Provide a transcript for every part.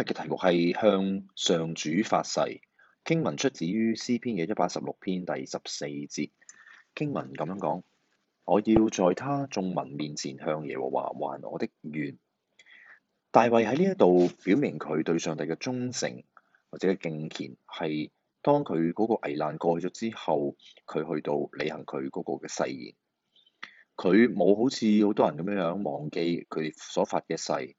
今日嘅題目係向上主發誓，經文出自於詩篇嘅一百十六篇第十四節。經文咁樣講：我要在他眾民面前向耶和華，華還我的願。大衛喺呢一度表明佢對上帝嘅忠誠或者敬虔，係當佢嗰個危難過去咗之後，佢去到履行佢嗰個嘅誓言。佢冇好似好多人咁樣樣忘記佢所發嘅誓。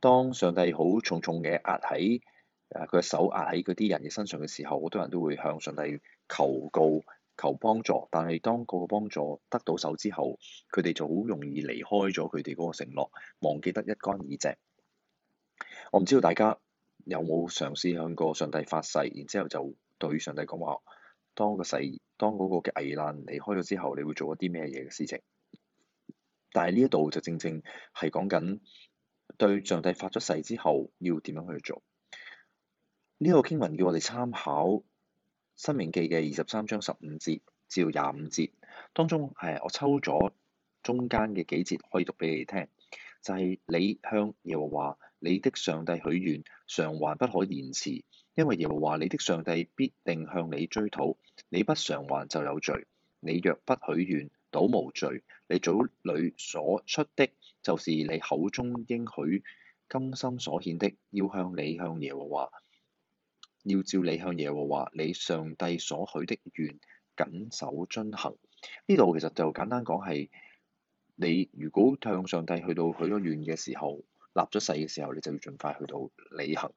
當上帝好重重嘅壓喺誒佢嘅手壓喺嗰啲人嘅身上嘅時候，好多人都會向上帝求告、求幫助。但係當嗰個幫助得到手之後，佢哋就好容易離開咗佢哋嗰個承諾，忘記得一乾二淨。我唔知道大家有冇嘗試向過上帝發誓，然之後就對上帝講話：當個誓，當嗰個嘅危難離開咗之後，你會做一啲咩嘢嘅事情？但係呢一度就正正係講緊。對上帝發咗誓之後要點樣去做？呢、這個經文叫我哋參考《申命記》嘅二十三章十五節至至廿五節，當中誒我抽咗中間嘅幾節可以讀俾你聽，就係、是、你向耶和華你的上帝許願，償還不可延遲，因為耶和華你的上帝必定向你追討，你不償還就有罪。你若不許願，倒無罪。你嘴裏所出的。就是你口中應許甘心所獻的，要向你向耶和華，要照你向耶和華，你上帝所許的願，謹守遵行。呢度其實就簡單講係，你如果向上帝去到許咗願嘅時候，立咗誓嘅時候，你就要盡快去到履行。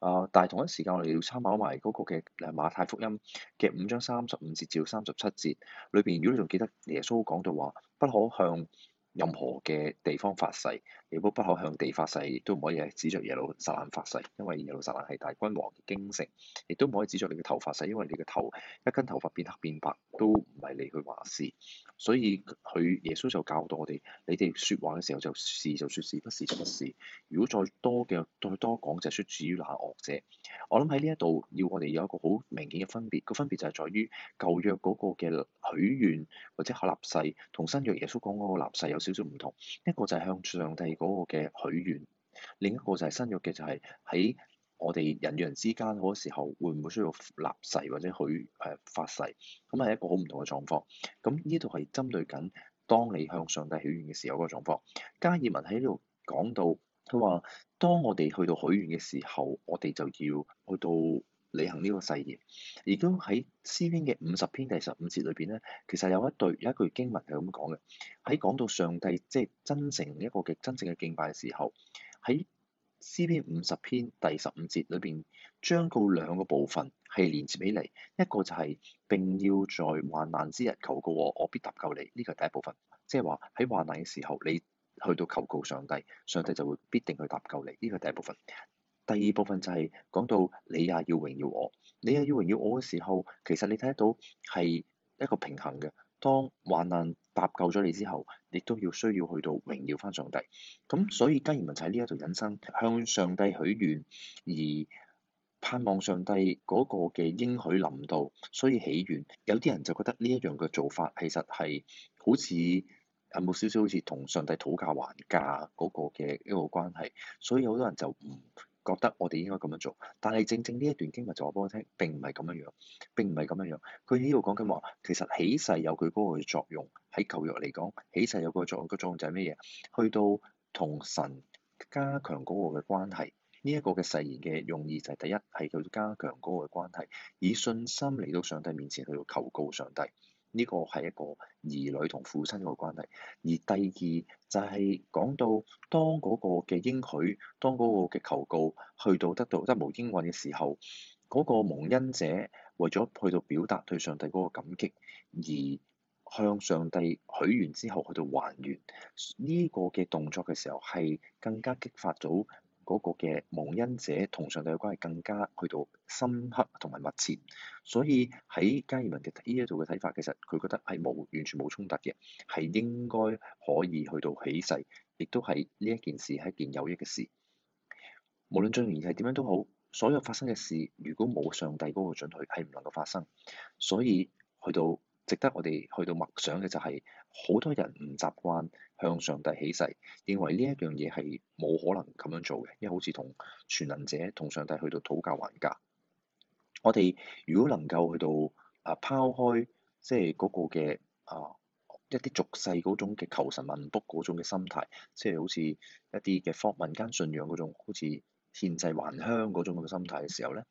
啊！但係同一時間，我哋要參考埋嗰個嘅誒馬太福音嘅五章三十五至至三十七節，裏邊如果你仲記得耶穌講到話，不可向任何嘅地方發誓。你不可向地發誓，亦都唔可以指著耶路撒冷發誓，因為耶路撒冷係大君王嘅京城，亦都唔可以指著你嘅頭發誓，因為你嘅頭一根頭髮變黑變白都唔係你去話事。所以佢耶穌就教導我哋：你哋説話嘅時候，就是，就説是，不是就不是。如果再多嘅再多，多講，就係説至於那惡者。我諗喺呢一度要我哋有一個好明顯嘅分別，個分別就係在於舊約嗰個嘅許願或者立誓，同新約耶穌講嗰個立誓有少少唔同。一個就係向上帝嗰個嘅許願，另一個就係生育嘅，就係喺我哋人與人之間，好多時候會唔會需要立誓或者許誒、呃、發誓，咁係一個好唔同嘅狀況。咁呢度係針對緊當你向上帝許願嘅時候嗰個狀況。加爾文喺呢度講到，佢話當我哋去到許願嘅時候，我哋就要去到，履行呢個誓言，而都喺詩篇嘅五十篇第十五節裏邊咧，其實有一對有一句經文係咁講嘅。喺講到上帝即係、就是、真正一個嘅真正嘅敬拜嘅時候，喺詩篇五十篇第十五節裏邊，將告兩個部分係連接起嚟。一個就係並要在患難之日求告我，我必搭救你，呢個係第一部分，即係話喺患難嘅時候你去到求告上帝，上帝就會必定去答救你，呢個係第一部分。第二部分就係講到你也要榮耀我，你也要榮耀我嘅時候，其實你睇得到係一個平衡嘅。當患難搭救咗你之後，你都要需要去到榮耀翻上帝。咁所以加爾文就喺呢一度引申，向上帝許願而盼望上帝嗰個嘅應許臨到，所以起願。有啲人就覺得呢一樣嘅做法其實係好似有冇少少好似同上帝討價還價嗰個嘅一個關係，所以好多人就唔～覺得我哋應該咁樣做，但係正正呢一段經文就話俾我聽，並唔係咁樣樣，並唔係咁樣樣。佢喺度講緊話，其實起誓有佢嗰個作用。喺舊約嚟講，起誓有個作用，個作用就係咩嘢？去到同神加強嗰個嘅關係。呢一個嘅誓言嘅用意就係第一係要加強嗰個嘅關係，以信心嚟到上帝面前去到求告上帝。呢個係一個兒女同父親嘅關係，而第二就係、是、講到當嗰個嘅應許，當嗰個嘅求告去到得到得無應允嘅時候，嗰、那個蒙恩者為咗去到表達對上帝嗰個感激而向上帝許願之後去到還願。呢、這個嘅動作嘅時候，係更加激發到。嗰個嘅蒙恩者同上帝嘅關係更加去到深刻同埋密切，所以喺加爾文嘅呢一度嘅睇法，其實佢覺得係冇完全冇衝突嘅，係應該可以去到起誓，亦都係呢一件事係一件有益嘅事。無論將來係點樣都好，所有發生嘅事如果冇上帝嗰個准許，係唔能夠發生。所以去到。值得我哋去到默想嘅就係、是，好多人唔習慣向上帝起誓，認為呢一樣嘢係冇可能咁樣做嘅，因為好似同全能者、同上帝去到討價還價。我哋如果能夠去到啊，拋開即係嗰個嘅啊一啲俗世嗰種嘅求神問卜嗰種嘅心態，即係好似一啲嘅方民間信仰嗰種，好似獻祭還香嗰種咁嘅心態嘅時候咧，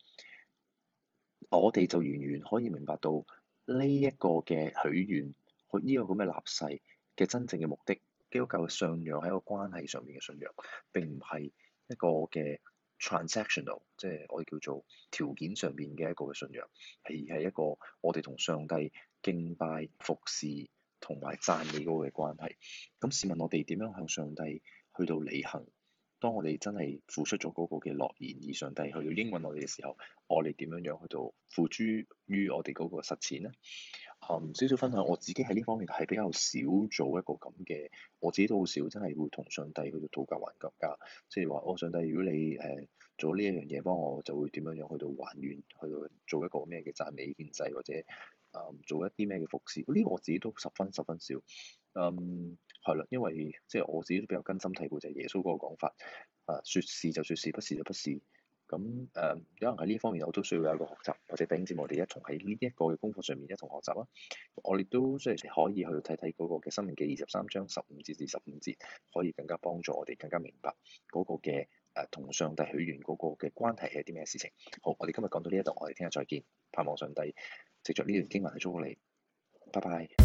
我哋就完全可以明白到。呢一個嘅許願，去、這、呢個咁嘅立誓嘅真正嘅目的，基督教嘅信仰喺一個關係上面嘅信仰並唔係一個嘅 transactional，即係我哋叫做條件上面嘅一個嘅信仰，而係一個我哋同上帝敬拜、服侍同埋讚美嗰個嘅關係。咁試問我哋點樣向上帝去到履行？當我哋真係付出咗嗰個嘅諾言，而上帝去到應允我哋嘅時候，我哋點樣樣去到付諸於我哋嗰個實踐呢？啊、嗯，少少分享我自己喺呢方面係比較少做一個咁嘅，我自己都好少真係會同上帝去到討價還價㗎，即係話我上帝，如果你誒、呃、做呢一樣嘢幫我，就會點樣樣去到還願，去到做一個咩嘅讚美獻祭或者？誒做一啲咩嘅服侍，呢、這個我自己都十分十分少。誒係啦，因為即係、就是、我自己都比較根深蒂固，就係、是、耶穌嗰個講法。誒，說是就說是，不是就不是。s 咁誒，可能喺呢方面我都需要有一個學習，或者頂住我哋一同喺呢一個嘅功課上面一同學習啊。我哋都即係可以去睇睇嗰個嘅《申命記》嘅二十三章十五節至十五節，可以更加幫助我哋更加明白嗰個嘅誒同上帝許願嗰個嘅關係係啲咩事情。好，我哋今日講到呢一度，我哋聽日再見，盼望上帝。食著呢段經文就祝福你，拜拜。